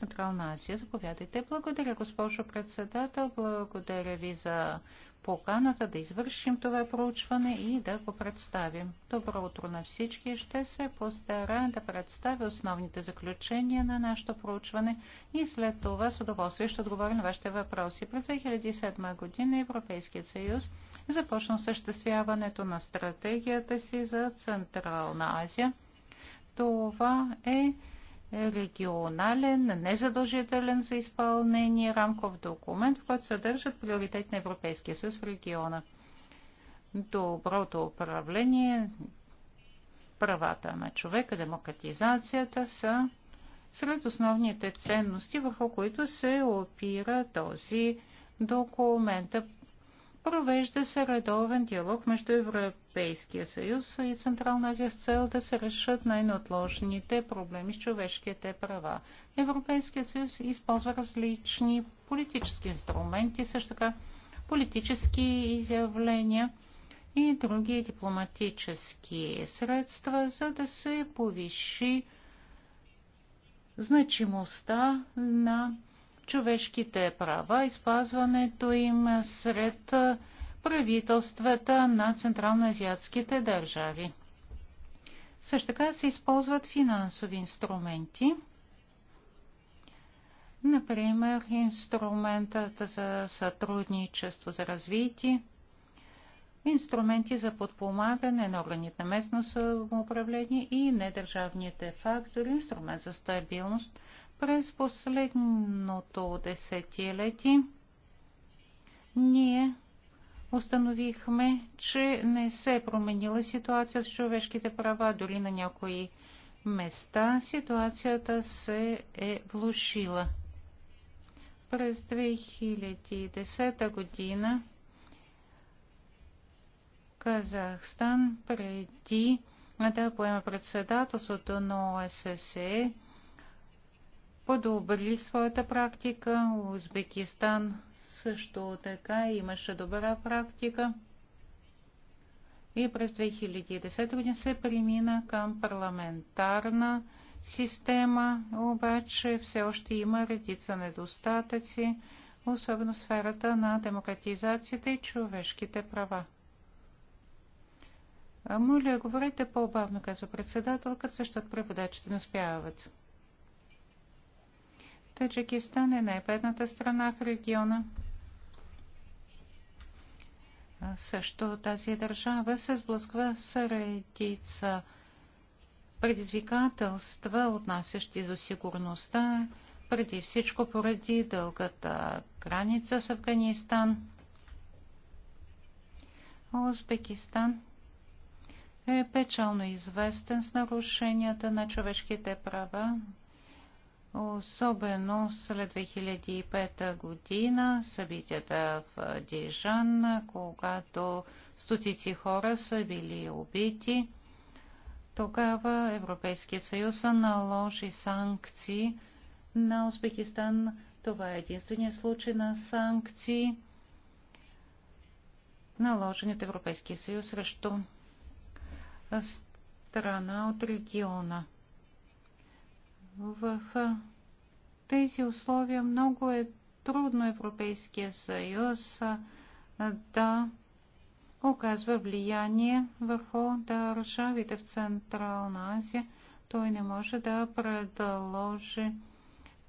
Централна Азия. Заповядайте. Благодаря, госпожо председател. Благодаря ви за поканата да извършим това проучване и да го представим. Добро утро на всички. Ще се постараем да представя основните заключения на нашето проучване и след това с удоволствие ще отговоря на вашите въпроси. През 2007 година Европейският съюз започна съществяването на стратегията си за Централна Азия. Това е е регионален, незадължителен за изпълнение рамков документ, в който съдържат приоритет на Европейския съюз в региона. Доброто управление, правата на човека, демократизацията са сред основните ценности, върху които се опира този документ. Провежда се редовен диалог между Европейския съюз и Централна Азия с цел да се решат най-неотложните проблеми с човешките права. Европейският съюз използва различни политически инструменти, също така политически изявления и други дипломатически средства, за да се повиши значимостта на човешките права и спазването им сред правителствата на централноазиатските държави. Също така се използват финансови инструменти, например инструментът за сътрудничество за развитие, инструменти за подпомагане на органите на местно самоуправление и недържавните фактори, инструмент за стабилност – през последното десетилетие ние установихме, че не се е променила ситуация с човешките права, дори на някои места ситуацията се е влушила. През 2010 година Казахстан преди да поема председателството на ОССЕ подобри своята практика. Узбекистан също така имаше добра практика. И през 2010 година се премина към парламентарна система, обаче все още има редица недостатъци, особено в сферата на демократизацията и човешките права. Моля, говорите по-бавно, казва председателката, защото преводачите не успяват. Таджикистан е най-бедната страна в региона. Също тази държава се сблъсква с редица предизвикателства, отнасящи за сигурността, преди всичко поради дългата граница с Афганистан. Узбекистан е печално известен с нарушенията на човешките права особено след 2005 година, събитията в Дижан, когато стотици хора са били убити. Тогава Европейският съюз наложи санкции на Узбекистан. Това е единствения случай на санкции, наложени от Европейския съюз срещу страна от региона. В тези условия много е трудно Европейския съюз да оказва влияние върху държавите в Централна Азия. Той не може да предложи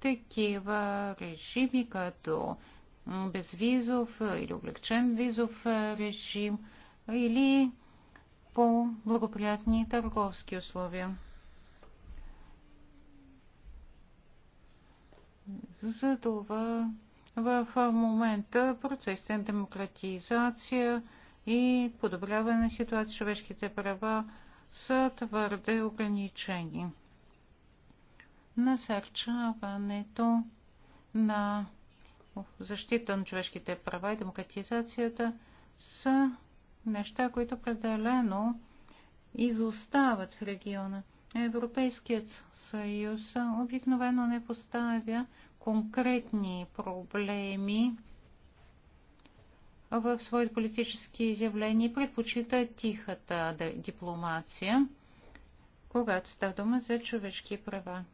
такива режими, като безвизов или облегчен визов режим или по благоприятни търговски условия. За това в момента процесите на демократизация и подобряване на ситуация човешките права са твърде ограничени. Насърчаването на защита на човешките права и демократизацията са неща, които определено изостават в региона. Европейският съюз обикновено не поставя конкретни проблеми в своите политически изявления и предпочита тихата дипломация, когато става дума за човешки права.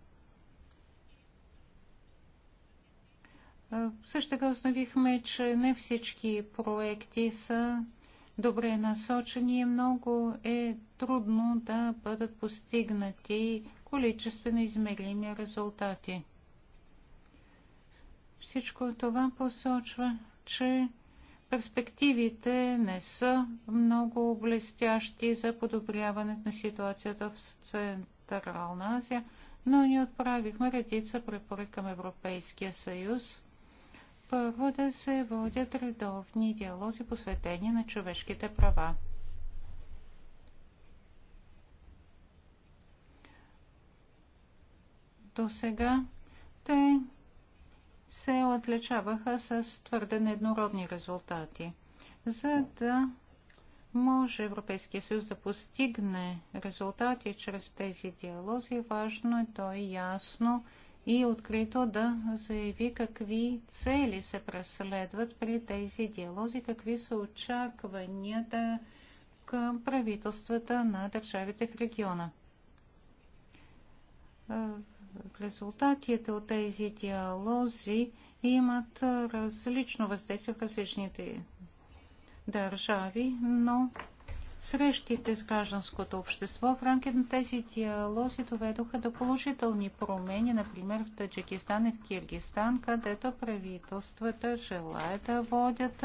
Също така установихме, че не всички проекти са добре насочени и много е трудно да бъдат постигнати количествено измерими резултати. Всичко това посочва, че перспективите не са много блестящи за подобряването на ситуацията в Централна Азия, но ни отправихме редица препоръки към Европейския съюз. Първо да се водят редовни диалози, посветени на човешките права. До сега те се отличаваха с твърде нееднородни резултати. За да може Европейския съюз да постигне резултати чрез тези диалози, важно е то е ясно и открито да заяви какви цели се преследват при тези диалози, какви са очакванията към правителствата на държавите в региона резултатите от тези диалози имат различно въздействие в различните държави, но срещите с гражданското общество в рамките на тези диалози доведоха до положителни промени, например в Таджикистан и в Киргистан, където правителствата желаят да водят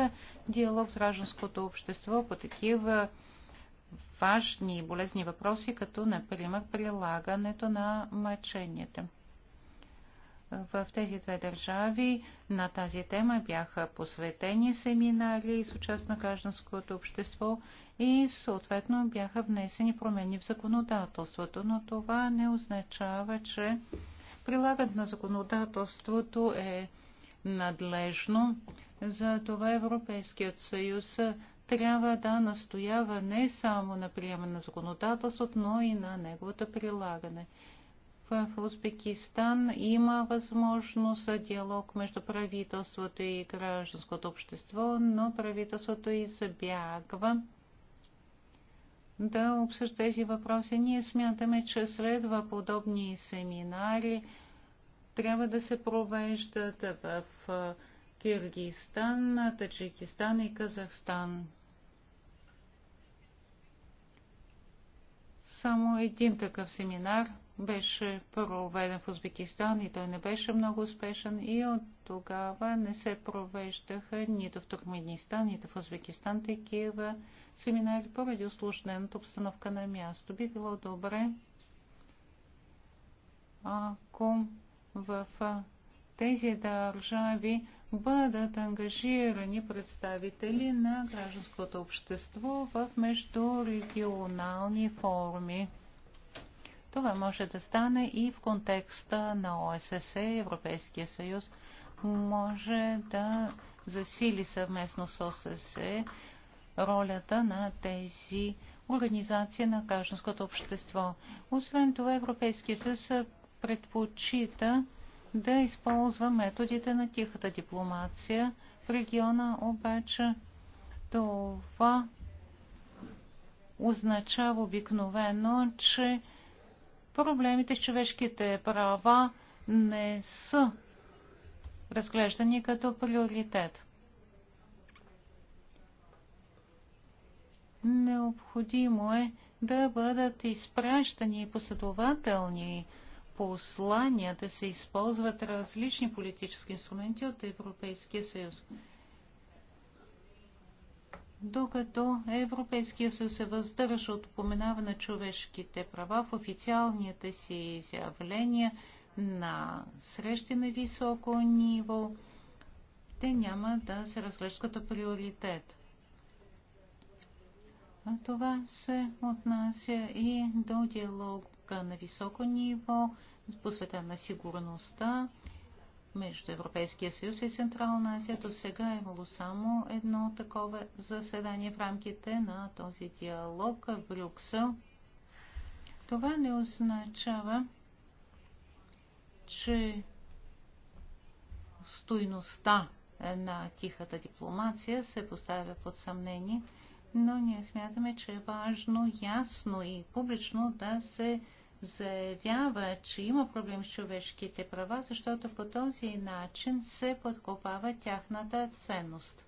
диалог с гражданското общество по такива важни и болезни въпроси, като например прилагането на мъченията. В тези две държави на тази тема бяха посветени семинари с участ на гражданското общество и съответно бяха внесени промени в законодателството, но това не означава, че прилагането на законодателството е надлежно. Затова Европейският съюз трябва да настоява не само на приема на законодателството, но и на неговото прилагане. В Узбекистан има възможност за диалог между правителството и гражданското общество, но правителството избягва да обсъжда тези въпроси. Ние смятаме, че следва подобни семинари трябва да се провеждат в Киргизстан, Таджикистан и Казахстан. Само един такъв семинар беше проведен в Узбекистан и той не беше много успешен и от тогава не се провеждаха нито в Туркменистан, нито в Узбекистан такива семинари поради усложнената обстановка на място. Би било добре, ако в тези държави бъдат ангажирани представители на гражданското общество в междурегионални форуми. Това може да стане и в контекста на ОССЕ, Европейския съюз. Може да засили съвместно с ОССЕ ролята на тези организации на гражданското общество. Освен това, Европейския съюз предпочита да използва методите на тихата дипломация в региона, обаче това означава обикновено, че проблемите с човешките права не са разглеждани като приоритет. Необходимо е да бъдат изпращани последователни посланията се използват различни политически инструменти от Европейския съюз. Докато Европейския съюз се въздържа от упоменава на човешките права в официалните си изявления на срещи на високо ниво, те няма да се разглеждат като приоритет. А това се отнася и до диалог на високо ниво, по света на сигурността между Европейския съюз и Централна Азия. До сега е имало само едно такова заседание в рамките на този диалог в Брюксел. Това не означава, че стойността на тихата дипломация се поставя под съмнение – но ние смятаме, че е важно ясно и публично да се заявява, че има проблем с човешките права, защото по този начин се подкопава тяхната ценност.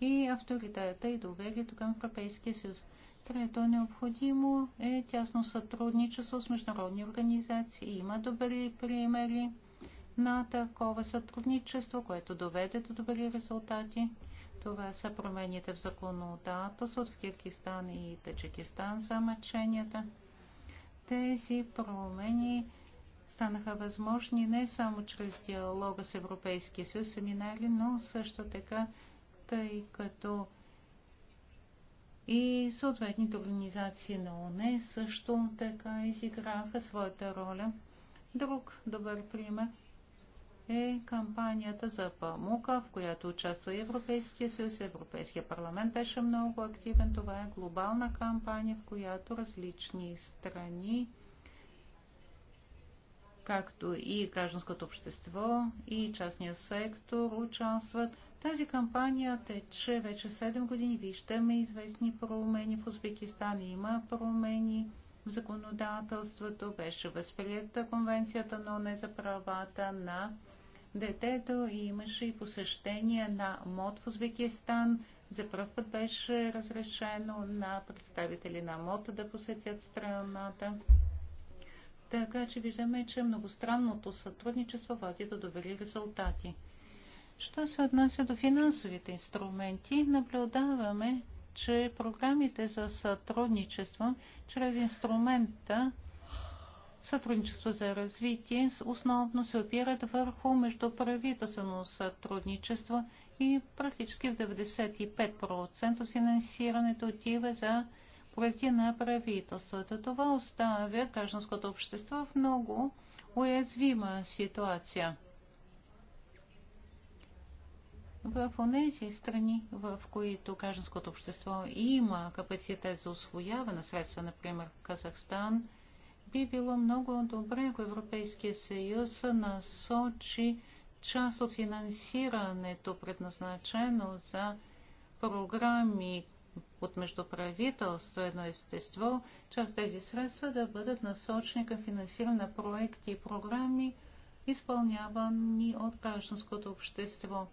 И авторитета и доверието към Европейския съюз. Трето, необходимо е тясно сътрудничество с международни организации. Има добри примери на такова сътрудничество, което доведе до добри резултати. Това са промените в законодателство от Киргистан и Таджикистан за мъченията. Тези промени станаха възможни не само чрез диалога с Европейския съюз, семинари, но също така, тъй като и съответните организации на ОНЕ също така изиграха своята роля. Друг добър пример – е кампанията за памука, в която участва Европейския съюз. Европейския парламент беше много активен. Това е глобална кампания, в която различни страни, както и гражданското общество, и частния сектор участват. Тази кампания тече вече 7 години. Виждаме известни промени в Узбекистан. Има промени в законодателството. Беше възприета конвенцията на ОНЕ за правата на детето и имаше и посещение на МОД в Узбекистан. За първ път беше разрешено на представители на МОД да посетят страната. Така че виждаме, че многостранното сътрудничество води до добри резултати. Що се отнася до финансовите инструменти, наблюдаваме, че програмите за сътрудничество чрез инструмента сътрудничество за развитие основно се опират върху междуправителствено сътрудничество и практически в 95% от финансирането отива за проекти на правителството. Това оставя гражданското общество в много уязвима ситуация. В тези страни, в които гражданското общество има капацитет за освояване на средства, например в Казахстан – би било много добре, ако Европейския съюз насочи част от финансирането, предназначено за програми от междуправителство едно естество, част от тези средства да бъдат насочени към финансиране на проекти и програми, изпълнявани от гражданското общество.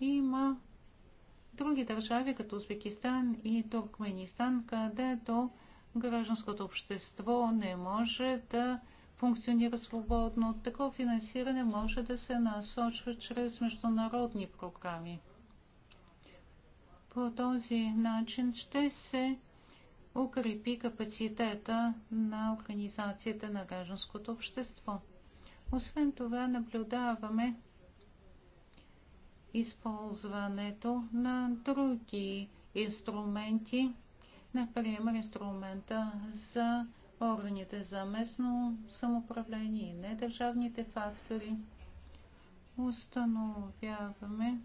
Има други държави, като Узбекистан и Туркменистан, където гражданското общество не може да функционира свободно. Такова финансиране може да се насочва чрез международни програми. По този начин ще се укрепи капацитета на организацията на гражданското общество. Освен това наблюдаваме използването на други инструменти например, инструмента за органите за местно самоуправление и недържавните фактори, установяваме,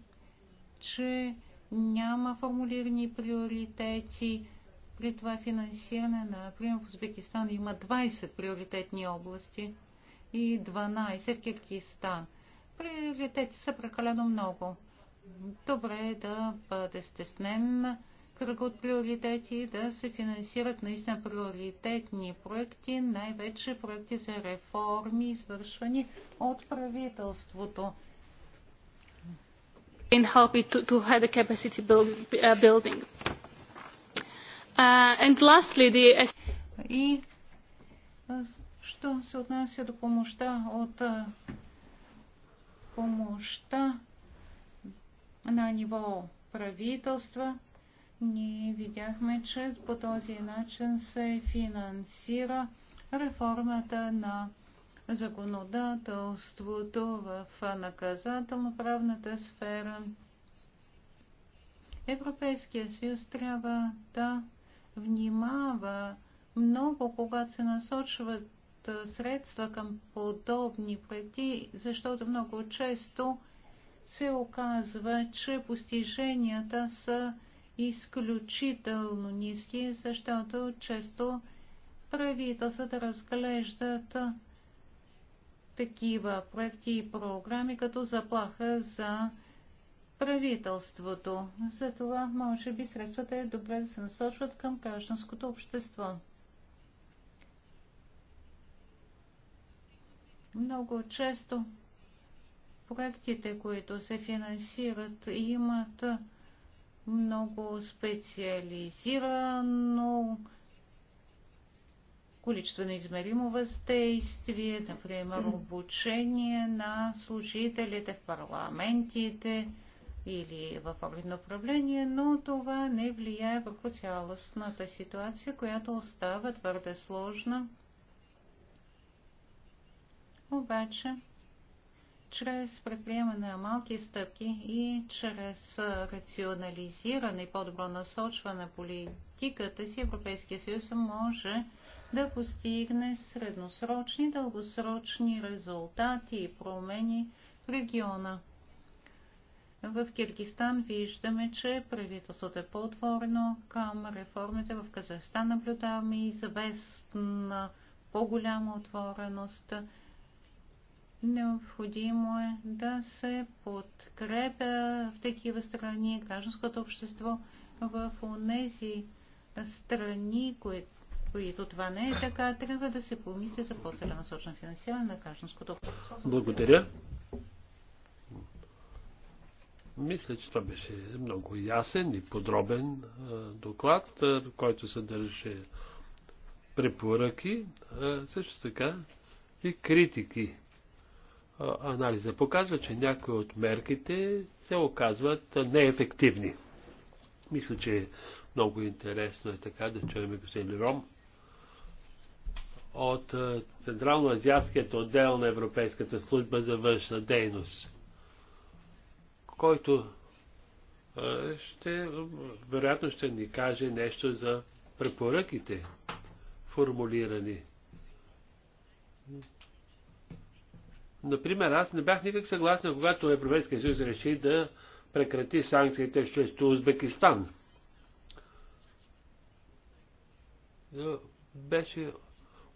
че няма формулирани приоритети при това финансиране. Например, в Узбекистан има 20 приоритетни области и 12 в Киргизстан. Приоритети са прекалено много. Добре е да бъде стеснен кръг от приоритети да се финансират наистина приоритетни проекти, най-вече проекти за реформи, извършвани от правителството. In help to, to have a capacity build, uh, building. Uh, and lastly, the... И що се отнася до помощта от помощта на ниво правителства, ние видяхме, че по този начин се финансира реформата на законодателството в наказателно-правната сфера. Европейския съюз трябва да внимава много, когато се насочват средства към подобни проекти, защото много често се оказва, че постиженията са изключително ниски, защото често правителствата разглеждат такива проекти и програми като заплаха за правителството. Затова, може би, средствата е добре да се насочват към гражданското общество. Много често проектите, които се финансират, имат много специализирано на измеримо въздействие, например обучение на служителите в парламентите или в органно управление, но това не влияе върху цялостната ситуация, която остава твърде сложна. Обаче, чрез предприемане на малки стъпки и чрез рационализиране и по-добро насочване на политиката си Европейския съюз може да постигне средносрочни, дългосрочни резултати и промени в региона. В Киргистан виждаме, че правителството е по-отворено към реформите. В Казахстан наблюдаваме и по-голяма отвореност Необходимо е да се подкрепя в такива страни гражданското общество в онези страни, които които това не е така, трябва да се помисли за по-целенасочно финансиране на гражданското общество. Благодаря. Мисля, че това беше много ясен и подробен доклад, който съдържаше препоръки, също така и критики анализа показва, че някои от мерките се оказват неефективни. Мисля, че много интересно е така да чуем господин Лером от Централно-Азиатският отдел на Европейската служба за външна дейност, който ще, вероятно ще ни каже нещо за препоръките, формулирани Например, аз не бях никак съгласен, когато Европейския съюз реши да прекрати санкциите срещу Узбекистан. Беше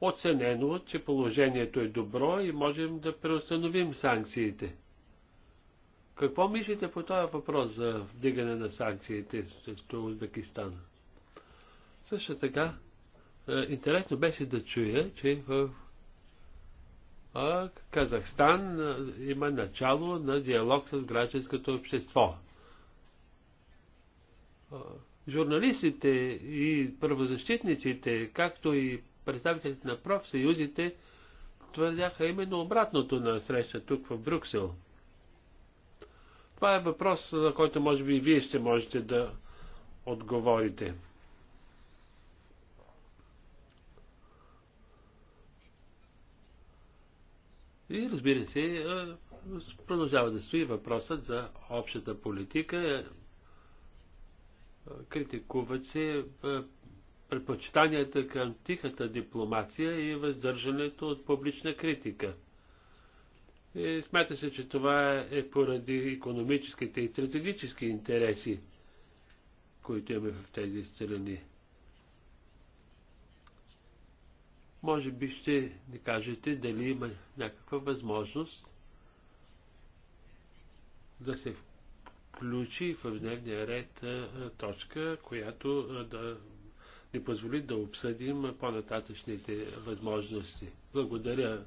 оценено, че положението е добро и можем да преустановим санкциите. Какво мислите по този въпрос за вдигане на санкциите срещу Узбекистан? Също така, е, интересно беше да чуя, че в Казахстан има начало на диалог с гражданското общество. Журналистите и правозащитниците, както и представителите на профсъюзите, твърдяха именно обратното на среща тук в Брюксел. Това е въпрос, на който може би и вие ще можете да отговорите. И разбира се, продължава да стои въпросът за общата политика. Критикуват се предпочитанията към тихата дипломация и въздържането от публична критика. И смята се, че това е поради економическите и стратегически интереси, които имаме в тези страни. Може би ще ни кажете дали има някаква възможност да се включи в дневния ред точка, която да ни позволи да обсъдим по-нататъчните възможности. Благодаря,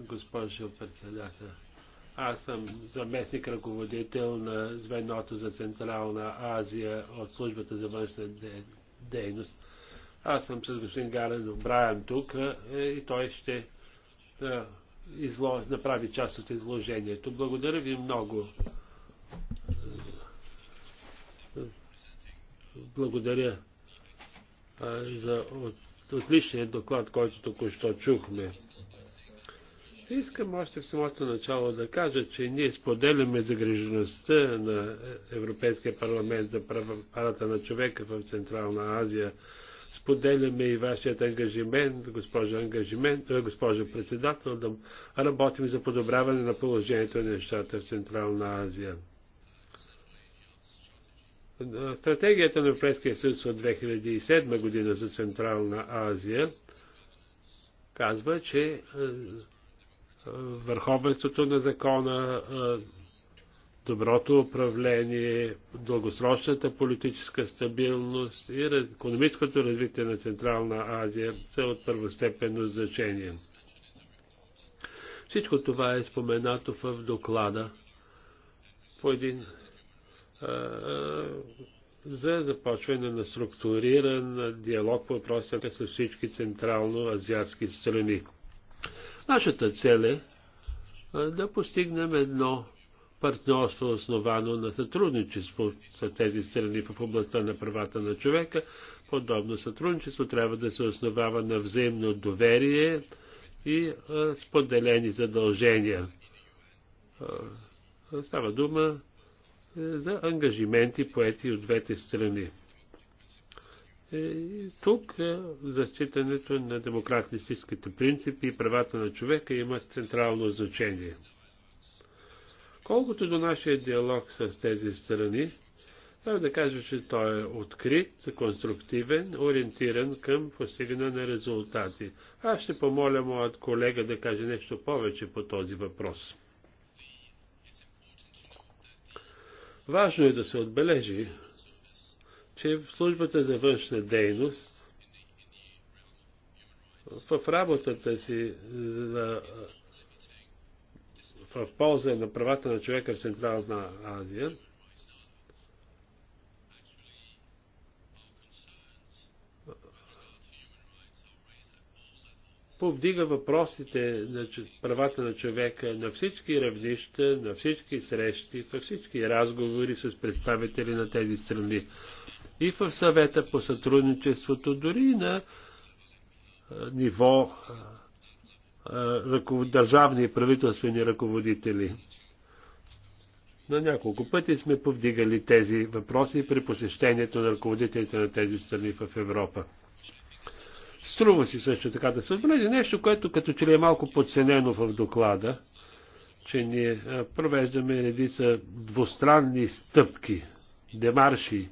госпожо председател. Аз съм заместник ръководител на звеното за Централна Азия от службата за външна дейност. Аз съм с господин Гарен Брайан тук е, и той ще е, направи част от изложението. Благодаря ви много. Благодаря е, за отличният доклад, който току-що чухме. Искам още в самото начало да кажа, че ние споделяме загрежеността на Европейския парламент за правата на човека в Централна Азия Споделяме и вашият ангажимент, госпожо, ангажимент, е, госпожо председател, да работим за подобряване на положението на нещата в Централна Азия. Стратегията на Европейския съюз от 2007 година за Централна Азия казва, че е, върховенството на закона, е, доброто управление, дългосрочната политическа стабилност и економическото развитие на Централна Азия са от първостепенно значение. Всичко това е споменато в доклада по един за започване на структуриран диалог по въпроса с всички централно-азиатски страни. Нашата цел е да постигнем едно партньорство, основано на сътрудничество с тези страни в областта на правата на човека. Подобно сътрудничество трябва да се основава на взаимно доверие и а, споделени задължения. А, става дума е, за ангажименти, поети от двете страни. Е, и тук е, зачитането на демократическите принципи и правата на човека има централно значение. Колкото до нашия диалог с тези страни, трябва да кажа, че той е открит, конструктивен, ориентиран към постигане на резултати. Аз ще помоля моят колега да каже нещо повече по този въпрос. Важно е да се отбележи, че в службата за външна дейност в работата си за в полза на правата на човека в Централна Азия. повдига въпросите на правата на човека на всички равнища, на всички срещи, във всички разговори с представители на тези страни. И в съвета по сътрудничеството, дори на ниво е, държавни и правителствени ръководители. На няколко пъти сме повдигали тези въпроси при посещението на ръководителите на тези страни в Европа. Струва си също така да се отбележи нещо, което като че ли е малко подценено в доклада, че ние е, провеждаме редица двустранни стъпки, демарши,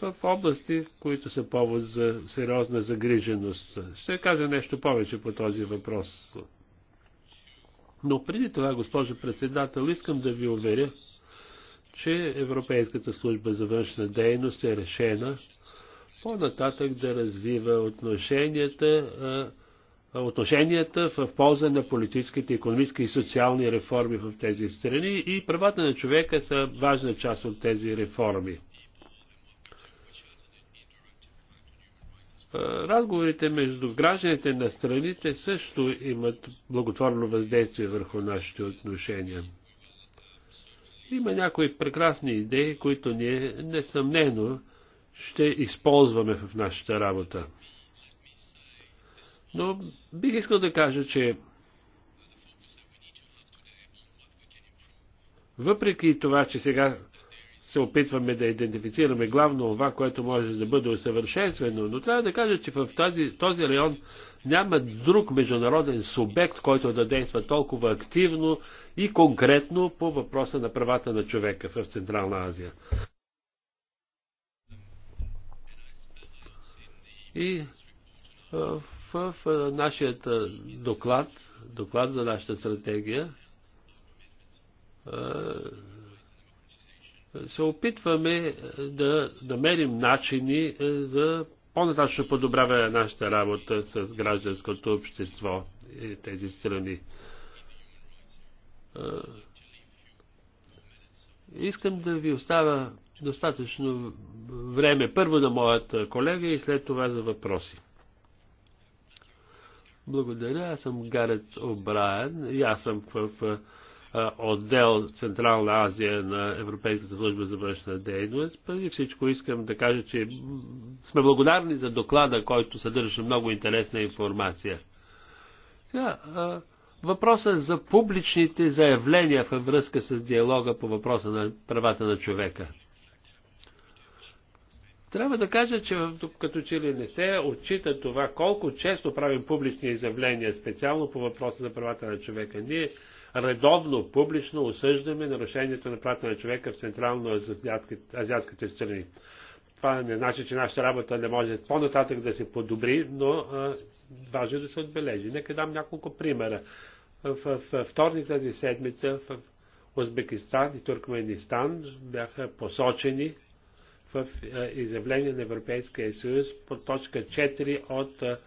в области, които са повод за сериозна загриженост. Ще кажа нещо повече по този въпрос. Но преди това, госпожо председател, искам да ви уверя, че Европейската служба за външна дейност е решена по-нататък да развива отношенията, отношенията в полза на политическите, економически и социални реформи в тези страни и правата на човека са важна част от тези реформи. Е, разговорите между гражданите на страните също имат благотворно въздействие върху нашите отношения. Има някои прекрасни идеи, които ние несъмнено ще използваме в нашата работа. Но бих искал да кажа, че въпреки това, че сега се опитваме да идентифицираме главно това, което може да бъде усъвършенствено, но трябва да кажа, че в тази, този район няма друг международен субект, който да действа толкова активно и конкретно по въпроса на правата на човека в Централна Азия. И в, в, в нашия доклад, доклад за нашата стратегия, се опитваме е, да намерим начини е, за по-нататъчно подобряване на нашата работа с гражданското общество и тези страни. Е, искам да ви оставя достатъчно време първо на моята колега и след това за въпроси. Благодаря, аз съм Гарет Обраен и аз съм в, в отдел Централна Азия на Европейската служба за външна дейност. Преди всичко искам да кажа, че сме благодарни за доклада, който съдържа много интересна информация. Сега, въпросът за публичните заявления във връзка с диалога по въпроса на правата на човека. Трябва да кажа, че като че ли не се отчита това колко често правим публични изявления, специално по въпроса за правата на човека. Ние редовно, публично осъждаме нарушенията на правата на човека в централно-азиатските страни. Това не значи, че нашата работа не може по-нататък да се подобри, но а, важно е да се отбележи. Нека дам няколко примера. В, в вторник тази седмица в Узбекистан и Туркменистан бяха посочени в изявление на Европейския съюз по точка 4 от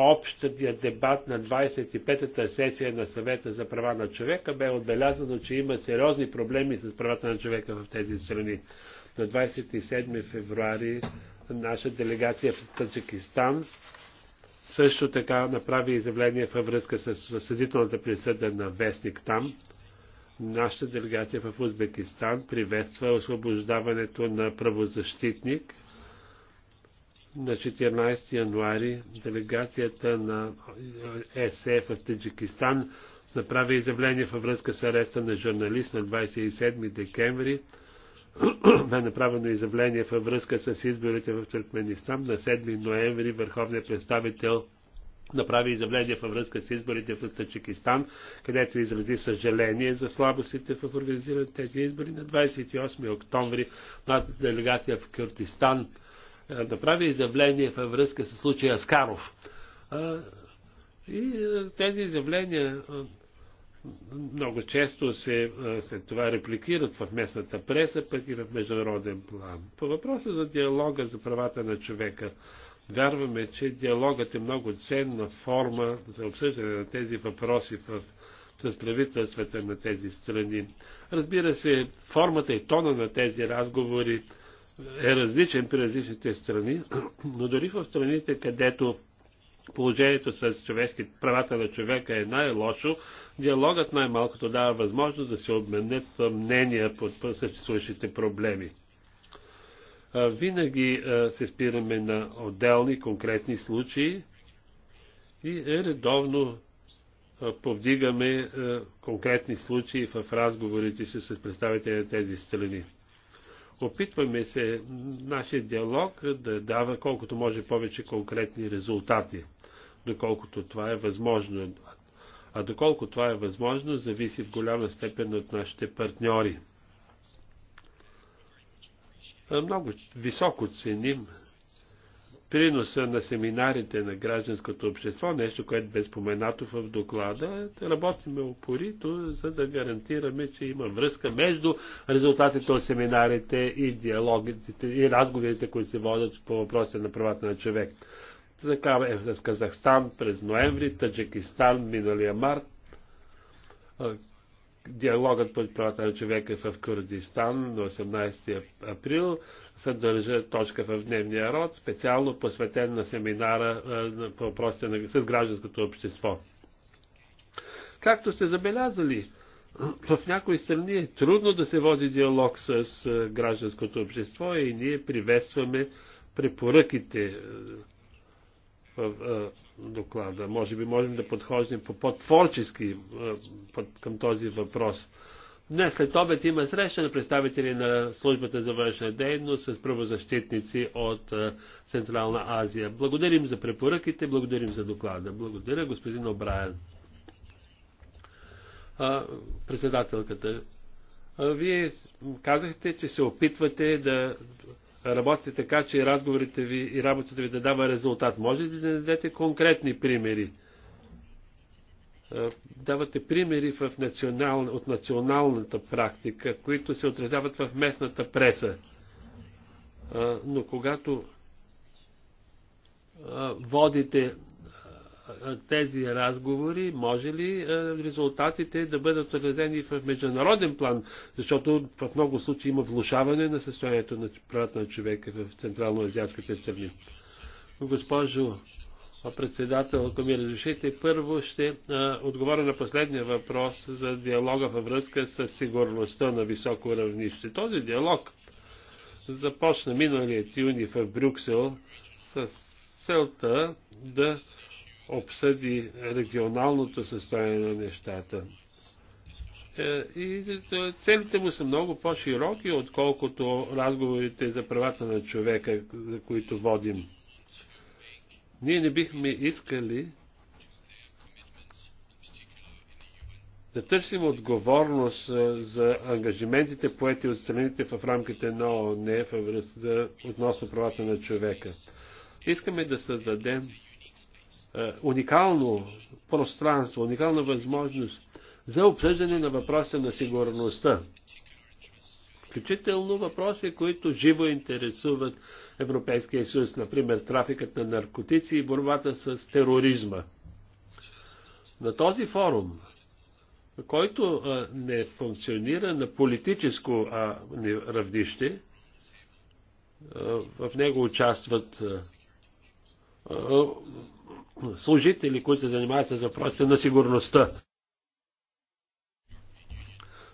общия дебат на 25-та сесия на съвета за права на човека бе отбелязано, че има сериозни проблеми с правата на човека в тези страни. На 27 февруари наша делегация в Таджикистан също така направи изявление във връзка с съдителната присъда на вестник там. Нашата делегация в Узбекистан приветства освобождаването на правозащитник – на 14 януари делегацията на ЕСЕ в Таджикистан направи изявление във връзка с ареста на журналист на 27 декември. Бе направено изявление във връзка с изборите в Туркменистан. На 7 ноември върховният представител направи изявление във връзка с изборите в Таджикистан, където изрази съжаление за слабостите в организирането тези избори. На 28 октомври младата делегация в Кюртистан е, да прави изявление във връзка с случая Аскаров. И е, тези изявления е, много често се, след това репликират в местната преса, пък и в международен план. По въпроса за диалога за правата на човека, вярваме, че диалогът е много ценна форма за обсъждане на тези въпроси в, с правителствата на тези страни. Разбира се, формата и тона на тези разговори е различен при различните страни, но дори в страните, където положението с човешки, правата на човека е най-лошо, диалогът най-малкото дава възможност да се обменят мнения по съществуващите проблеми. Винаги се спираме на отделни конкретни случаи и е редовно повдигаме конкретни случаи в разговорите си с представители на тези страни. Опитваме се нашия диалог да дава колкото може повече конкретни резултати, доколкото това е възможно. А доколко това е възможно, зависи в голяма степен от нашите партньори. Много високо ценим приноса на семинарите на гражданското общество, нещо, което бе споменато в доклада, работиме упорито, за да гарантираме, че има връзка между резултатите от семинарите и диалогите и разговорите, които се водят по въпросите на правата на човек. Така е с Казахстан през ноември, Таджикистан миналия март, диалогът по правата на човека е в Курдистан на 18 април, съдържа точка в дневния род, специално посветен на семинара по въпросите с гражданското общество. Както сте забелязали, в някои страни е трудно да се води диалог с гражданското общество и ние приветстваме препоръките в доклада. Може би можем да подхождем по по-творчески към този въпрос. Днес след обед има среща на представители на службата за външна дейност с правозащитници от е, Централна Азия. Благодарим за препоръките, благодарим за доклада. Благодаря, господин Обраян. Председателката, вие казахте, че се опитвате да работите така, че разговорите ви и работата ви да дава резултат. Може ли да дадете конкретни примери? Е, давате примери в национал, от националната практика, които се отразяват в местната преса. Е, но когато е, водите тези разговори, може ли резултатите да бъдат отразени в международен план, защото в много случаи има влушаване на състоянието на правата на човека в Централно-азиатските страни. Госпожо председател, ако ми разрешите, първо ще а, отговоря на последния въпрос за диалога във връзка с сигурността на високо равнище. Този диалог започна миналият юни в Брюксел с целта да обсъди регионалното състояние на нещата. Е, и е, целите му са много по-широки, отколкото разговорите за правата на човека, за които водим. Ние не бихме искали да търсим отговорност за ангажиментите, поети от страните в рамките на ООН относно правата на човека. Искаме да създадем уникално пространство, уникална възможност за обсъждане на въпроса на сигурността включително въпроси, които живо интересуват Европейския съюз, например трафикът на наркотици и борбата с тероризма. На този форум, който не функционира на политическо равнище, в него участват служители, които се занимават с въпроси на сигурността.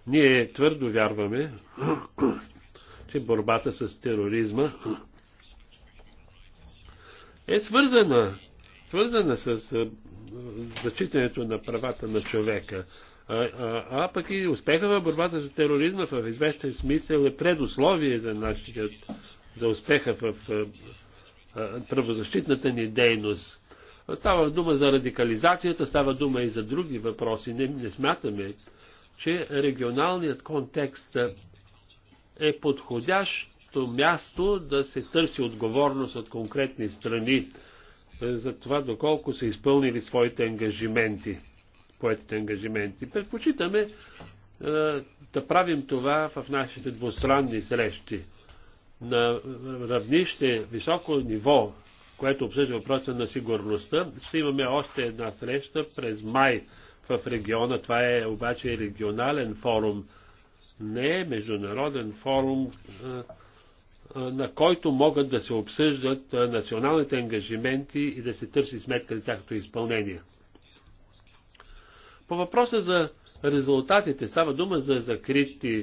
Ние твърдо вярваме, че борбата с тероризма е свързана, свързана с зачитането на правата на човека. А, а, а пък и успеха в борбата с тероризма в известен смисъл е предусловие за, нашия, за успеха в а, правозащитната ни дейност. Става дума за радикализацията, става дума и за други въпроси. Не, не смятаме, че регионалният контекст е подходящо място да се търси отговорност от конкретни страни за това доколко са изпълнили своите ангажименти, поетите ангажименти. Предпочитаме е, да правим това в нашите двустранни срещи на равнище, високо ниво, което обсъжда въпроса на сигурността. Ще имаме още една среща през май в региона. Това е обаче регионален форум, не е международен форум, е, е, на който могат да се обсъждат е, националните ангажименти и да се търси сметка за тяхното изпълнение. По въпроса за резултатите, става дума за закрити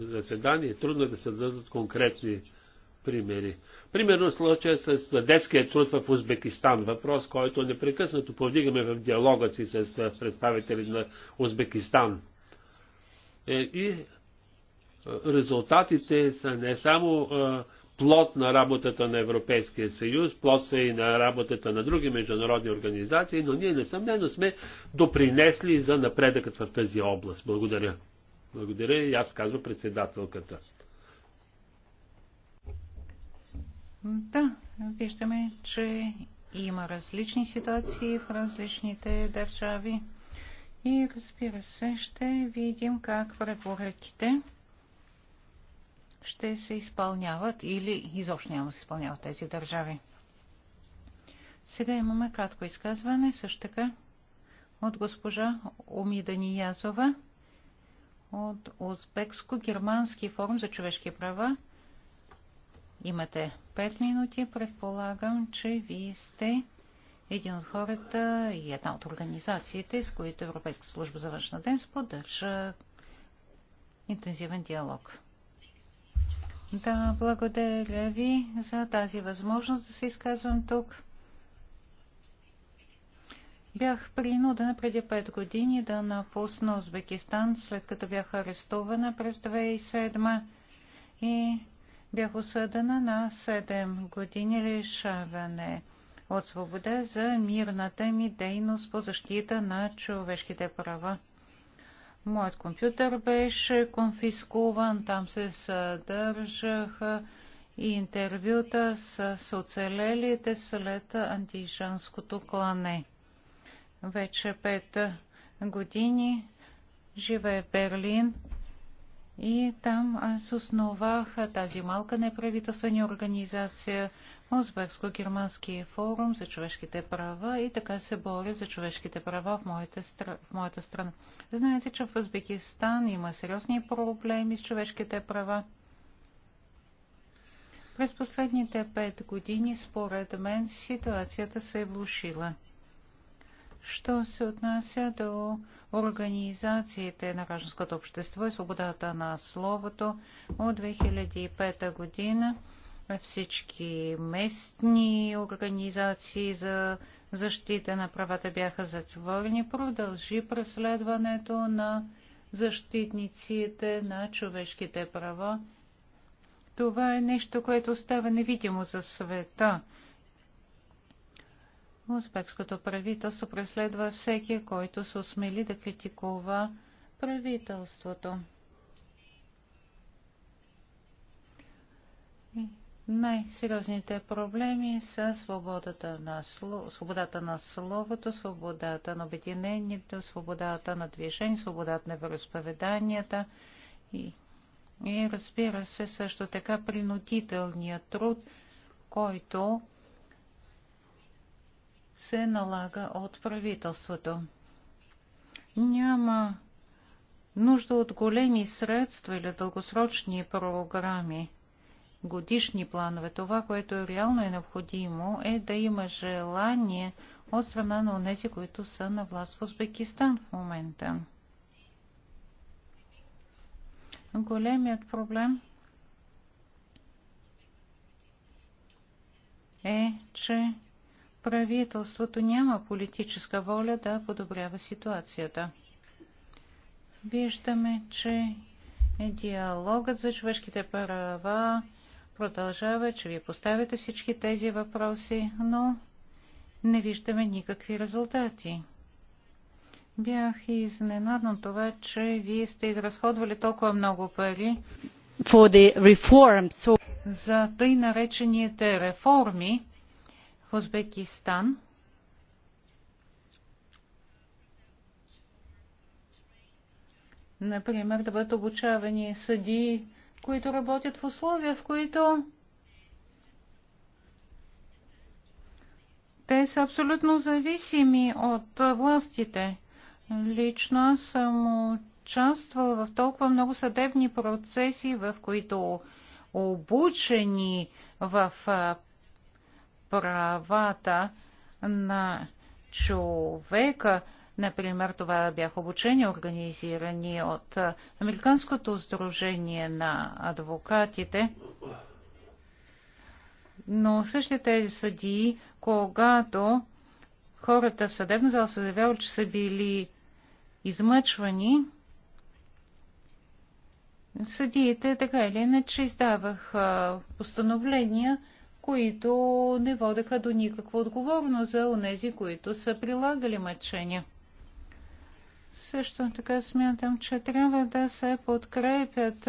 заседания, трудно да се дадат конкретни примери. Примерно случая с детския труд в Узбекистан, въпрос, който непрекъснато повдигаме в диалога си с представители на Узбекистан. Е, и е, резултатите са не само е, плод на работата на Европейския съюз, плод са и на работата на други международни организации, но ние несъмнено сме допринесли за напредъкът в тази област. Благодаря. Благодаря и аз казва председателката. Да, виждаме, че има различни ситуации в различните държави. И разбира се, ще видим как препоръките ще се изпълняват или изобщо няма да се изпълняват тези държави. Сега имаме кратко изказване, също така от госпожа Омида Ниязова от Узбекско-германски форум за човешки права Имате 5 минути. Предполагам, че вие сте един от хората и една от организациите, с които Европейска служба за външна ден поддържа интензивен диалог. Да, благодаря ви за тази възможност да се изказвам тук. Бях принудена преди 5 години да напусна Узбекистан, след като бях арестувана през 2007 и бях осъдена на 7 години лишаване от свобода за мирната ми дейност по защита на човешките права. Моят компютър беше конфискуван, там се съдържаха и интервюта с оцелелите след антижанското клане. Вече пет години живее в Берлин и там аз основах тази малка неправителствена организация Узбекско-германски форум за човешките права и така се боря за човешките права в моята, стра... в моята страна. Знаете, че в Узбекистан има сериозни проблеми с човешките права. През последните пет години, според мен, ситуацията се е влушила. Що се отнася до организациите на гражданското общество и свободата на словото от 2005 година, всички местни организации за защита на правата бяха затворени, продължи преследването на защитниците на човешките права. Това е нещо, което става невидимо за света. Узбекското правителство преследва всеки, който се осмели да критикува правителството. Най-сериозните проблеми са свободата на, сло... свободата на словото, свободата на обединението, свободата на движение, свободата на вероисповеданията и, и разбира се също така принудителният труд, който се налага от правителството. Няма нужда от големи средства или дългосрочни програми, годишни планове. Това, което е реално е необходимо, е да има желание от страна на тези, които са на власт в Узбекистан в момента. Големият проблем е, че правителството няма политическа воля да подобрява ситуацията. Виждаме, че диалогът за човешките права продължава, че вие поставяте всички тези въпроси, но не виждаме никакви резултати. Бях изненадан това, че вие сте изразходвали толкова много пари for the за тъй наречените реформи, в Узбекистан. Например, да бъдат обучавани съдии, които работят в условия, в които те са абсолютно зависими от властите. Лично съм участвала в толкова много съдебни процеси, в които обучени в правата на човека. Например, това бяха обучения, организирани от Американското сдружение на адвокатите. Но същите тези съдии, когато хората в съдебна зала са заявявали, че са били измъчвани, съдиите така или иначе издаваха постановления, които не водеха до никаква отговорност за онези, които са прилагали мъчения. Също така смятам, че трябва да се подкрепят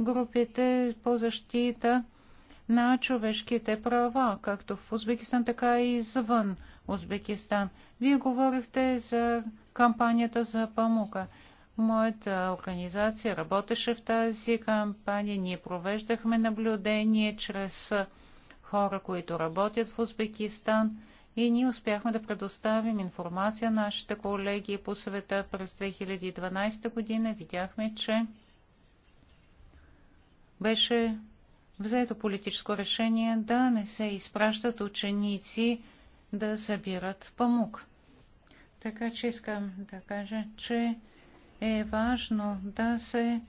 групите по защита на човешките права, както в Узбекистан, така и извън Узбекистан. Вие говорихте за кампанията за памука. Моята организация работеше в тази кампания. Ние провеждахме наблюдение чрез хора, които работят в Узбекистан и ние успяхме да предоставим информация на нашите колеги по света през 2012 година. Видяхме, че беше взето политическо решение да не се изпращат ученици да събират памук. Така че искам да кажа, че е важно да се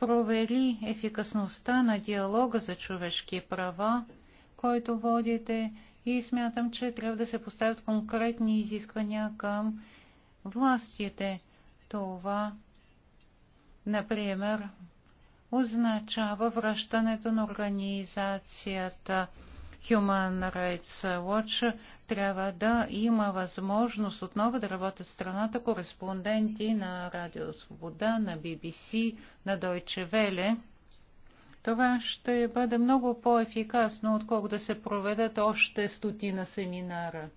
провери ефикасността на диалога за човешки права който водите и смятам, че трябва да се поставят конкретни изисквания към властите. Това, например, означава връщането на организацията Human Rights Watch трябва да има възможност отново да работят в страната кореспонденти на Радио Свобода, на BBC, на Deutsche Welle. Това ще бъде много по-ефикасно, отколкото да се проведат още стотина семинара.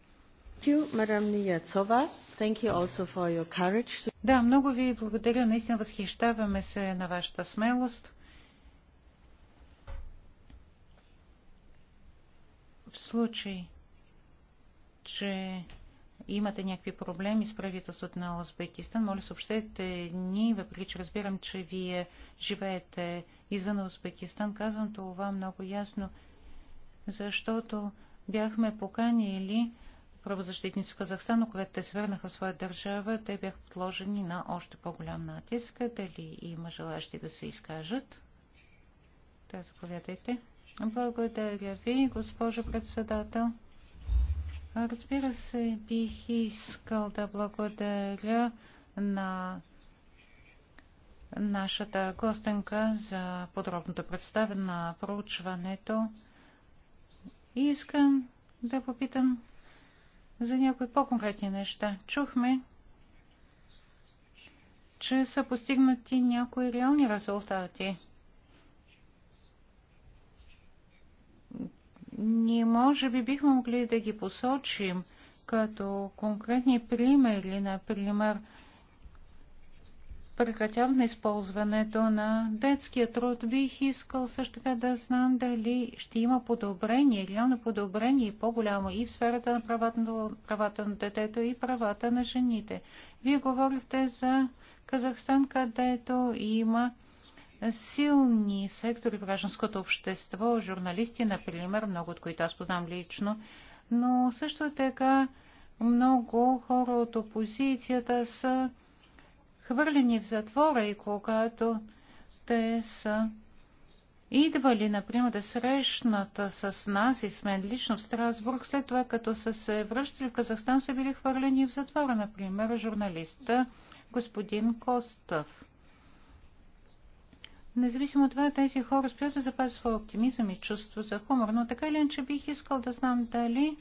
Да, много ви благодаря. Наистина възхищаваме се на вашата смелост. В случай, че имате някакви проблеми с правителството на Узбекистан, моля съобщете ни, въпреки че разбирам, че вие живеете извън Узбекистан. Казвам това много ясно, защото бяхме поканили правозащитници в Казахстан, но когато те се върнаха в своя държава, те бяха подложени на още по-голям натиск. Дали има желащи да се изкажат? Да, заповядайте. Благодаря ви, госпожо председател. Разбира се, бих искал да благодаря на нашата гостенка за подробното представяне на проучването. И искам да попитам за някои по-конкретни неща. Чухме, че са постигнати някои реални резултати – ние може би бихме могли да ги посочим като конкретни примери, например, прекратяване използването на детския труд. Бих искал също така да знам дали ще има подобрение, реално подобрение и по-голямо и в сферата на правата, на правата на детето и правата на жените. Вие говорихте за Казахстан, където има силни сектори в гражданското общество, журналисти, например, много от които аз познам лично, но също така много хора от опозицията са хвърлени в затвора и когато те са идвали, например, да срещнат с нас и с мен лично в Страсбург, след това, като са се връщали в Казахстан, са били хвърлени в затвора, например, журналиста господин Костъв. Независимо от това, тези хора успяват да запазят своя оптимизъм и чувство за хумор, но така или иначе бих искал да знам дали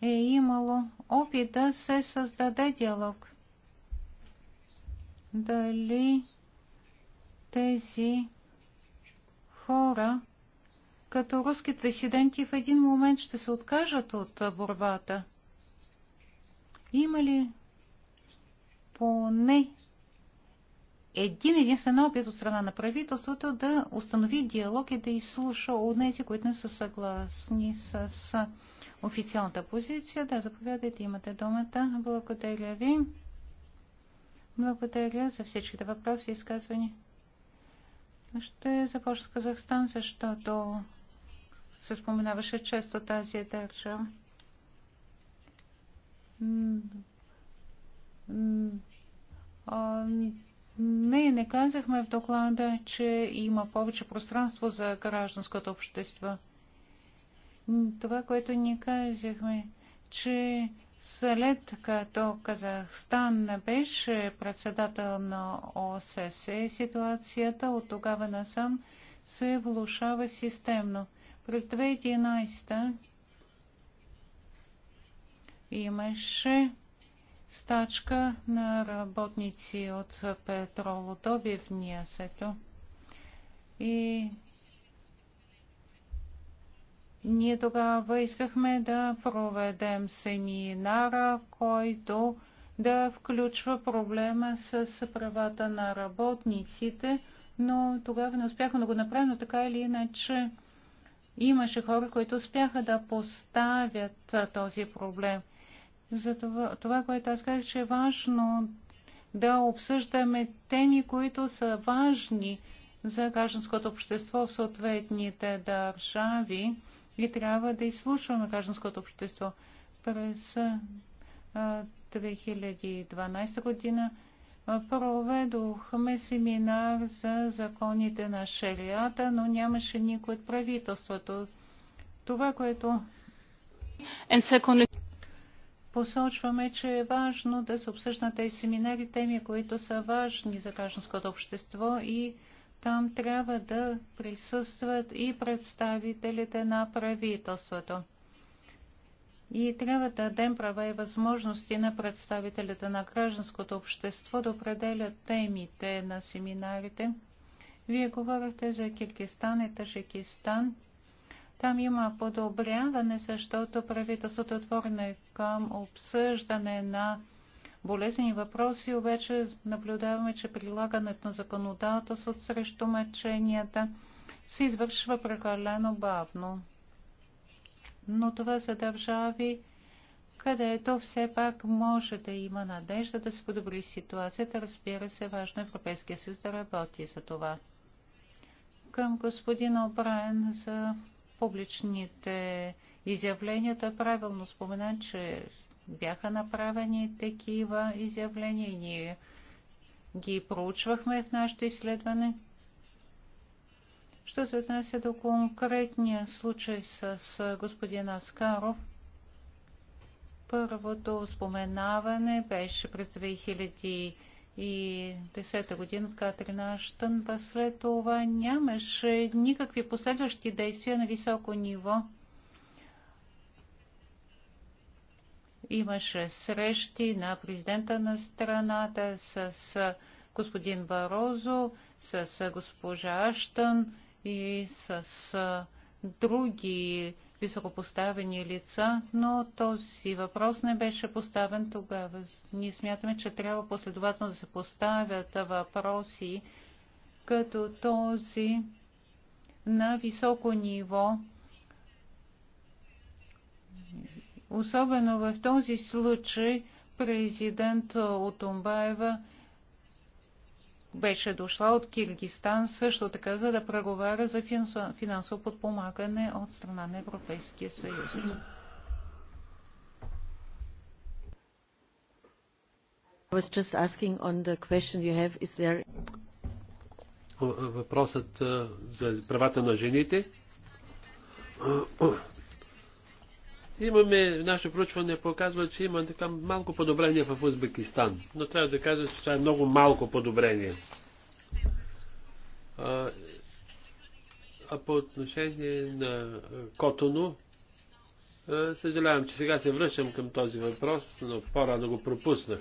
е имало опит да се създаде диалог. Дали тези хора, като руските дисиденти, в един момент ще се откажат от борбата. Има ли поне един единствен опит от страна на правителството да установи диалог и да изслуша от тези, които не са съгласни с официалната позиция. Да, заповядайте, имате думата. Благодаря ви. Благодаря за всичките въпроси и изказвания. Ще започна с Казахстан, защото се споменаваше често тази държава. Не, не казахме в доклада, че има повече пространство за гражданското общество. Това, което ни казахме, че след като Казахстан беше председател на ОССЕ, ситуацията от тогава насам се влушава системно. През 2011 имаше стачка на работници от петролодобивния сектор. И ние тогава искахме да проведем семинара, който да включва проблема с правата на работниците, но тогава не успяхме да го направим, но така или иначе имаше хора, които успяха да поставят този проблем за това, това, което аз казах, че е важно да обсъждаме теми, които са важни за гражданското общество в съответните държави и трябва да изслушваме гражданското общество. През 2012 година проведохме семинар за законите на шариата, но нямаше никой от правителството. Това, което посочваме, че е важно да се обсъждат тези семинари теми, които са важни за гражданското общество и там трябва да присъстват и представителите на правителството. И трябва да дадем права и възможности на представителите на гражданското общество да определят темите на семинарите. Вие говорихте за Киргистан и Тажикистан. Там има подобряване, защото правителството е отворено към обсъждане на болезни въпроси, обаче наблюдаваме, че прилагането на законодателство срещу мъченията се извършва прекалено бавно. Но това са държави, където все пак може да има надежда да се подобри ситуацията. Разбира се, важно е Европейския съюз да работи за това. Към господин Обраен за публичните изявления. Той правилно спомена, че бяха направени такива изявления и ние ги проучвахме в нашето изследване. Що се отнася до конкретния случай с господин Аскаров, първото споменаване беше през 2000 и десета година от Катрина Аштън, па след това нямаше никакви последващи действия на високо ниво. Имаше срещи на президента на страната с господин Барозо, с госпожа Аштън и с други високопоставени лица, но този въпрос не беше поставен тогава. Ние смятаме, че трябва последователно да се поставят въпроси като този на високо ниво, особено в този случай президент Отумбаева беше дошла от Киргистан също така, за да преговаря за финансово подпомагане от страна на Европейския съюз. Въпросът за правата на жените. Имаме, наше проучване показва, че има така малко подобрение в Узбекистан, но трябва да кажа, че това е много малко подобрение. А, а по отношение на Котоно, съжалявам, че сега се връщам към този въпрос, но по-рано го пропуснах.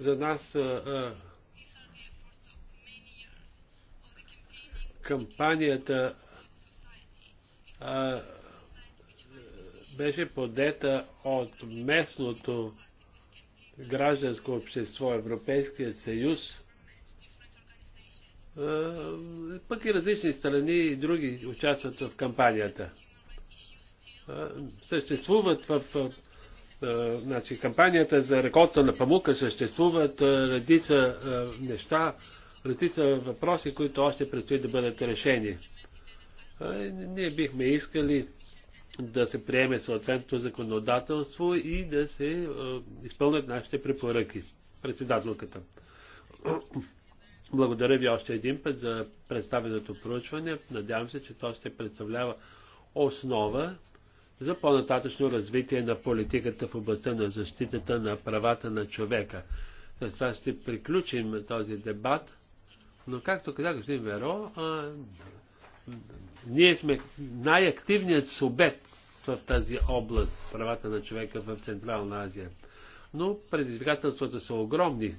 За нас а, кампанията а, беше подета от местното гражданско общество, Европейският съюз, пък и различни страни и други участват в кампанията. Съществуват в значи, кампанията за реколта на памука съществуват редица неща, редица въпроси, които още предстои да бъдат решени. Ние бихме искали да се приеме съответното законодателство и да се изпълнят нашите препоръки. Председателката. Благодаря ви още един път за представеното проучване. Надявам се, че то ще представлява основа за по-нататъчно развитие на политиката в областта на защитата на правата на човека. С това ще приключим този дебат, но както казах господин Веро, ние сме най-активният субект в тази област, правата на човека в Централна Азия. Но предизвикателствата са огромни. Е,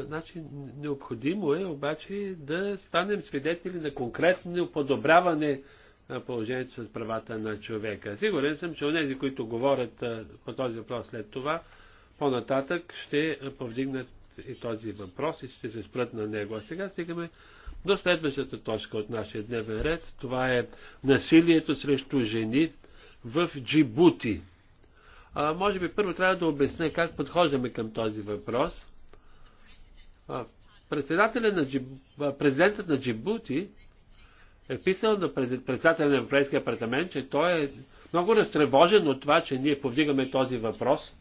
значи, необходимо е обаче да станем свидетели на конкретно подобряване на положението с правата на човека. Сигурен съм, че онези, които говорят е, по този въпрос след това, по-нататък ще повдигнат и този въпрос и ще се спрат на него. А сега стигаме до следващата точка от нашия дневен ред. Това е насилието срещу жени в Джибути. А, може би първо трябва да обясня как подхождаме към този въпрос. А, на Джиб... Президентът на Джибути е писал на председателя на Европейския апартамент, че той е много разтревожен от това, че ние повдигаме този въпрос.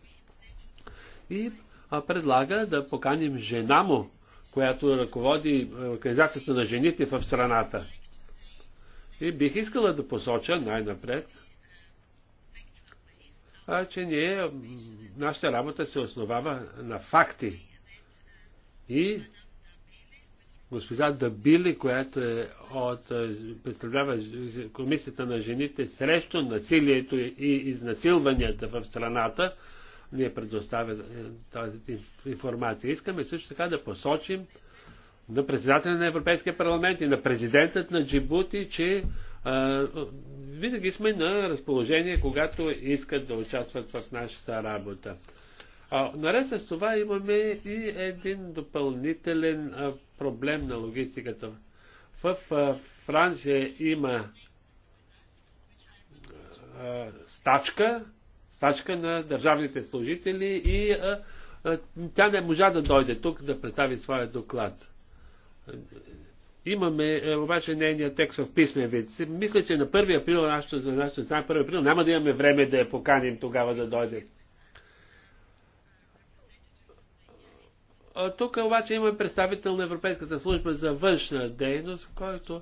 И предлага да поканим жена му, която ръководи е, организацията на жените в страната. И бих искала да посоча най-напред, че ние, нашата работа се основава на факти. И госпожа Дабили, която е от, е, представлява комисията на жените срещу насилието и изнасилванията в страната, ни е предоставя тази информация. Искаме също така да посочим на председателя на Европейския парламент и на президентът на Джибути, че а, е, винаги сме на разположение, когато искат да участват в нашата работа. А, наред с това имаме и един допълнителен а, е, проблем на логистиката. В а, е, Франция има а, стачка, стачка на държавните служители и тя не можа да дойде тук да представи своя доклад. Имаме е, обаче нейния текст в писмен вид. Мисля, че на 1 април, нашата, за нашата знак 1 април, няма да имаме време да я поканим тогава да дойде. Тук обаче има представител на Европейската служба за външна дейност, който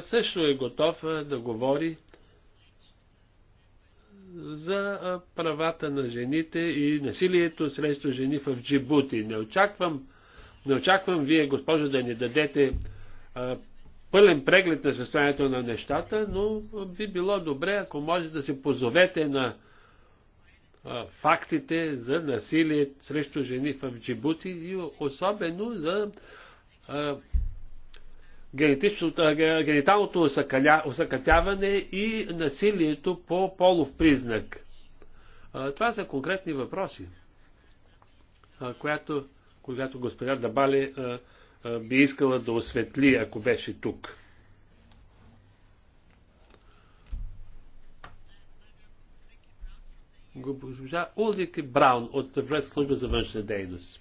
също е готов да говори за правата на жените и насилието срещу жени в Джибути. Не очаквам, не очаквам вие, госпожо, да ни дадете а, пълен преглед на състоянието на нещата, но би било добре, ако може да се позовете на а, фактите за насилие срещу жени в Джибути и особено за а, гениталното усъкътяване и насилието по полов признак. Това са конкретни въпроси, която, когато господа Дабали би искала да осветли, ако беше тук. Госпожа Улдик Браун от Вред служба за външна дейност.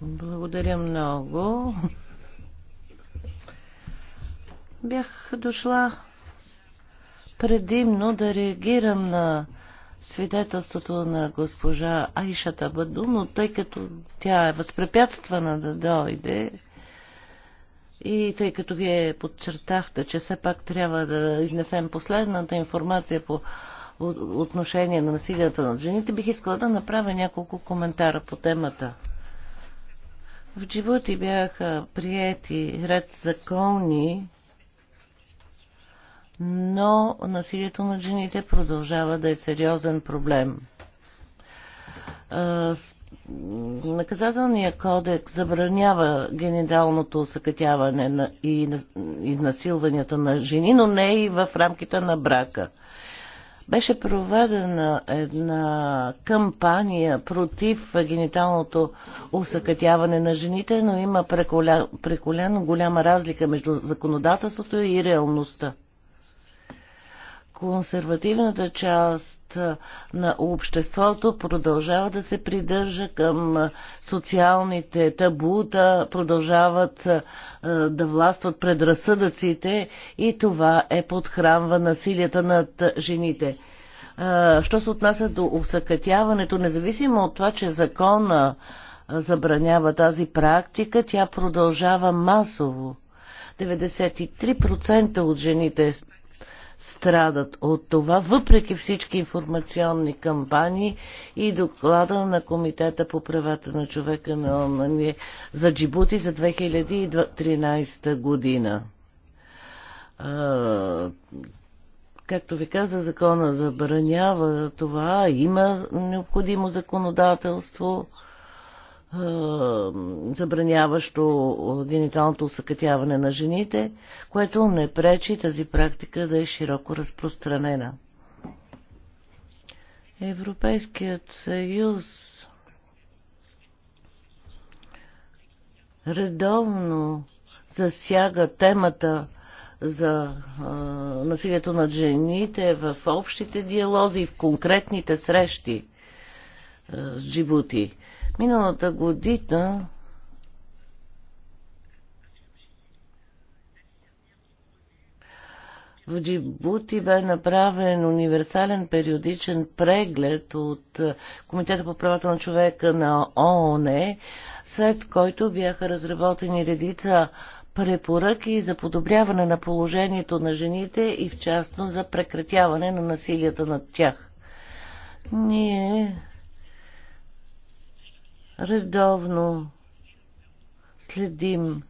Благодаря много. Бях дошла предимно да реагирам на свидетелството на госпожа Айша Табаду, но тъй като тя е възпрепятствана да дойде и тъй като вие подчертахте, че все пак трябва да изнесем последната информация по отношение на насилията над жените, бих искала да направя няколко коментара по темата. В Джибути бяха приети ред закони, но насилието на жените продължава да е сериозен проблем. Наказателният кодекс забранява гениталното съкътяване и изнасилванията на жени, но не и в рамките на брака. Беше проведена една кампания против гениталното усъкътяване на жените, но има преколено голяма разлика между законодателството и реалността консервативната част на обществото продължава да се придържа към социалните табута, продължават да властват предразсъдъците и това е подхранва насилията над жените. Що се отнася до усъкътяването, независимо от това, че закона забранява тази практика, тя продължава масово. 93% от жените страдат от това, въпреки всички информационни кампании и доклада на Комитета по правата на човека на ОНЕ за Джибути за 2013 година. А, както ви каза, закона забранява това, има необходимо законодателство забраняващо гениталното усъкътяване на жените, което не пречи тази практика да е широко разпространена. Европейският съюз редовно засяга темата за а, насилието над жените в общите диалози и в конкретните срещи а, с Джибути. Миналата година В Джибути бе направен универсален периодичен преглед от Комитета по правата на човека на ООН, след който бяха разработени редица препоръки за подобряване на положението на жените и в частност за прекратяване на насилията над тях. Ние Редовно следим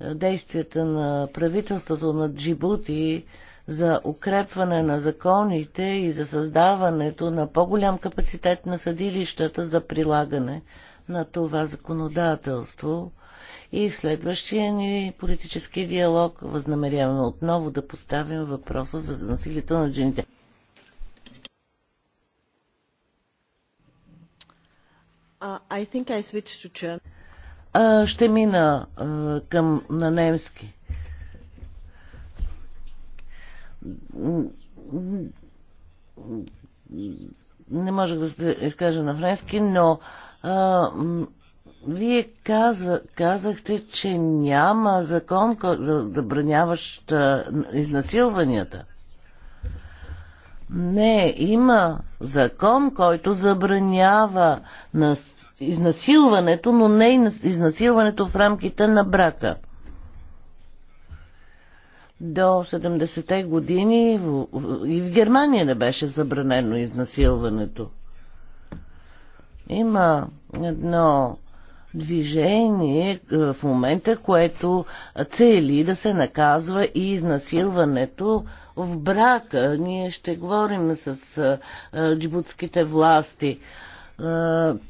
е, действията на правителството на Джибути за укрепване на законите и за създаването на по-голям капацитет на съдилищата за прилагане на това законодателство. И в следващия ни политически диалог възнамеряваме отново да поставим въпроса за насилието на жените. Uh, ще мина към на немски. Не можех да се изкажа на френски, но а, вие казва, казахте, че няма закон, забраняващ изнасилванията. Не, има закон, който забранява изнасилването, но не изнасилването в рамките на брака. До 70-те години и в Германия не беше забранено изнасилването. Има едно движение е, в момента, което цели да се наказва и изнасилването в брака. Ние ще говорим с джибутските власти.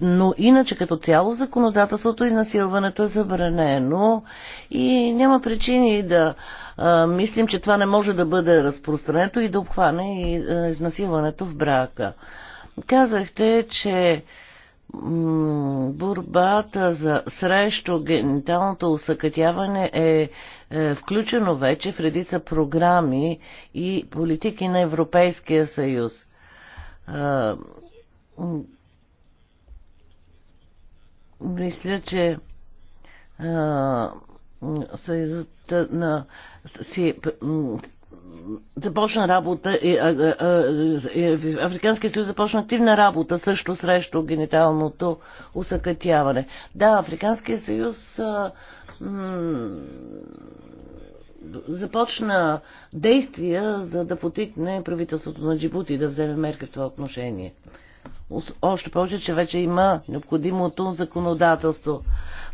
Но иначе като цяло законодателството изнасилването е забранено и няма причини да мислим, че това не може да бъде разпространено и да обхване изнасилването в брака. Казахте, че борбата за, срещу гениталното усъкътяване е, е включено вече в редица програми и политики на Европейския съюз. мисля, че е, Съюзът на си започна работа, Африканския съюз започна активна работа също срещу гениталното усъкътяване. Да, Африканския съюз започна действия, за да потикне правителството на Джибути да вземе мерки в това отношение. Още повече, че вече има необходимото законодателство.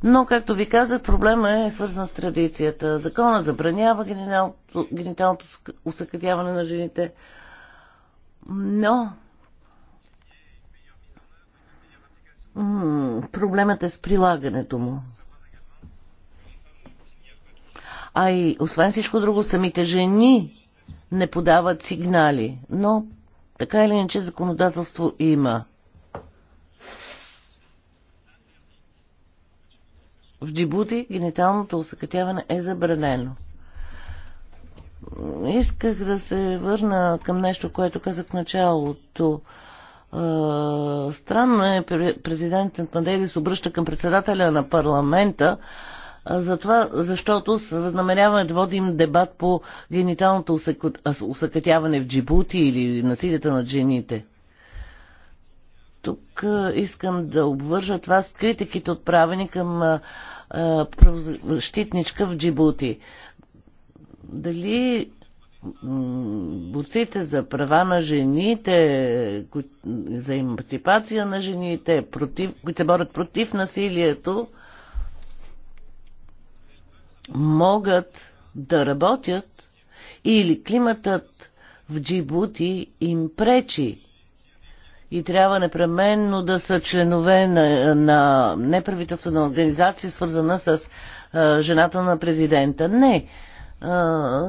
Но, както ви казах, проблема е свързан с традицията. Закона забранява гениталното, гениталното усъкътяване на жените. Но проблемът е с прилагането му. А и, освен всичко друго, самите жени не подават сигнали. Но така или иначе законодателство има. В Джибути гениталното усъкътяване е забранено. Исках да се върна към нещо, което казах в началото. Странно е, президентът Мадейдис обръща към председателя на парламента, затова, защото възнамеряваме да водим дебат по гениталното усъкътяване в Джибути или насилията над жените. Тук искам да обвържа това с критиките отправени към правозащитничка в Джибути. Дали борците за права на жените, за емпатипация на жените, против, които се борят против насилието, могат да работят или климатът в Джибути им пречи и трябва непременно да са членове на, на неправителствена организация, свързана с а, жената на президента. Не. А,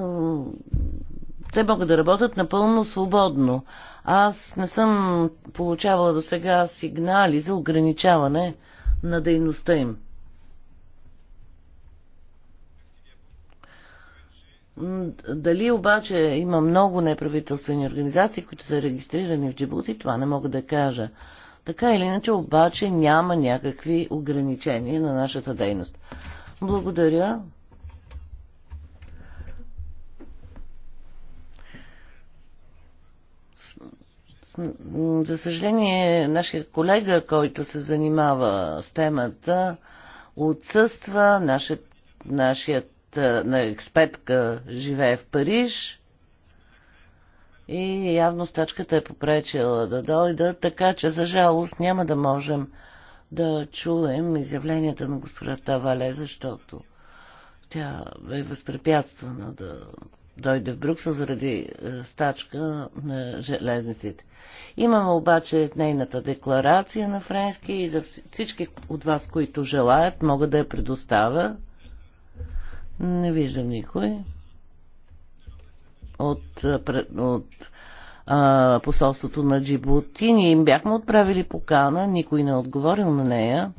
те могат да работят напълно свободно. Аз не съм получавала до сега сигнали за ограничаване на дейността им. Дали обаче има много неправителствени организации, които са регистрирани в Джибути, това не мога да кажа. Така или иначе обаче няма някакви ограничения на нашата дейност. Благодаря. За съжаление, нашия колега, който се занимава с темата, отсъства. нашия. нашият на експетка живее в Париж и явно стачката е попречила да дойда, така че за жалост няма да можем да чуем изявленията на госпожа Тавале, защото тя е възпрепятствана да дойде в Брюксел заради е, стачка на железниците. Имаме обаче нейната декларация на френски и за всички от вас, които желаят, мога да я предоставя. Не виждам никой. От, от а, посолството на Джибути. Ние им бяхме отправили покана, никой не е отговорил на нея.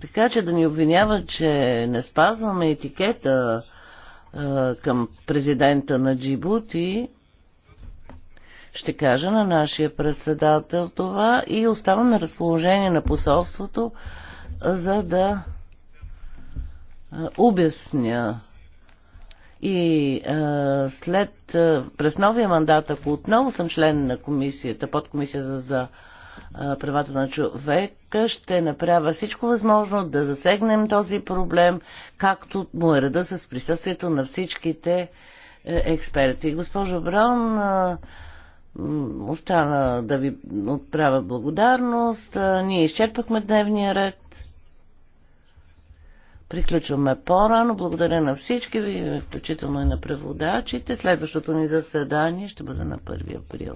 Така че да ни обвинява, че не спазваме етикета а, към президента на Джибути, ще кажа на нашия председател това и оставам на разположение на посолството, за да обясня. И а, след, а, през новия мандат, ако отново съм член на комисията, подкомисията за а, правата на човека, ще направя всичко възможно да засегнем този проблем, както му е реда с присъствието на всичките е, експерти. Госпожо Браун, а, остана да ви отправя благодарност. Ние изчерпахме дневния ред. Приключваме по-рано. Благодаря на всички ви, включително и на преводачите. Следващото ни заседание ще бъде на 1 април.